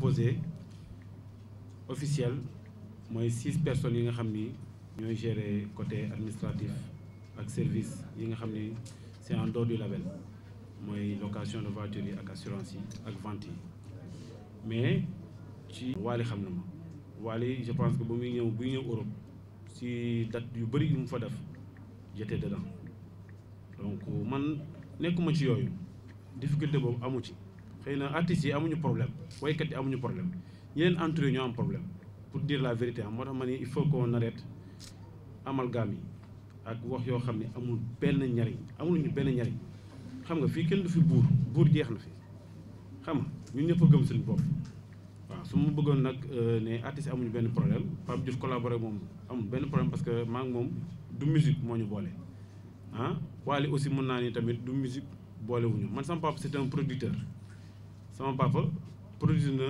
posé officiel mooy six personnes yi nga xam ni géré côté administratif ak service yi nga xam c'est en dehors du label mooy location de voiture yi ak assurance yi ak vente mais ci Wally xam na ma Wally je pense que bu muy ñëw buy ñëw Europe si date yu bëri yu mu fa def j'étais dedans donc man nekkuma ci yooyu difficulté boobu amu ci xëy na artistes yi amuñu problème waykat yi amuñu problème ñeneen entre eux ñoo am problème pour dire la vérité am moo tax ma ne il faut qu'on arrête amalgame yi ak wax yoo xam ne amul benn njariñ amul benn njariñ xam nga fii kenn du fi buur buur jeex na fi xam nga ñun ñëpp a gëm seen bopp waaw su ma bëggoon nag euh, ne artistes amuñu benn problème Pape Diouf collaboré moom amul benn problème parce que maa ngi moom du musique moo ñu boole ah Wally aussi mun naa ni tamit du musique boolewuñu man sama papa c'est un producteur sama papa produire na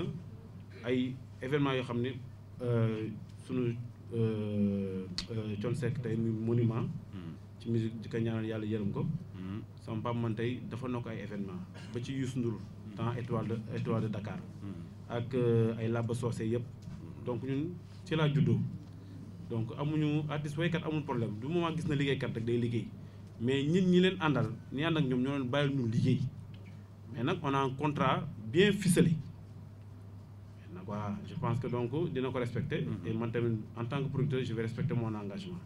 ay événements yoo xam ne euh, sunu euh, euh, Thione Seck tey muy monument. ci musique di ko yàlla yërëm ko. sama papa tey dafa nokk ay événement ba ci Youssou Ndour. temps étoile de étoile de Dakar. ak ay làbba soose yëpp. donc ñun ci laa juddoo. donc amuñu artiste waykat amul problème du moment gis na liggéeykat rek day liggéey mais ñit ñi leen àndal ñi ànd ak ñoom ñoo leen bàyyil ñu liggéey. Maintenant, on a un contrat bien ficelé je pense que donc dina respecter mm-hmm. et en tant que producteur je vais respecter mon engagement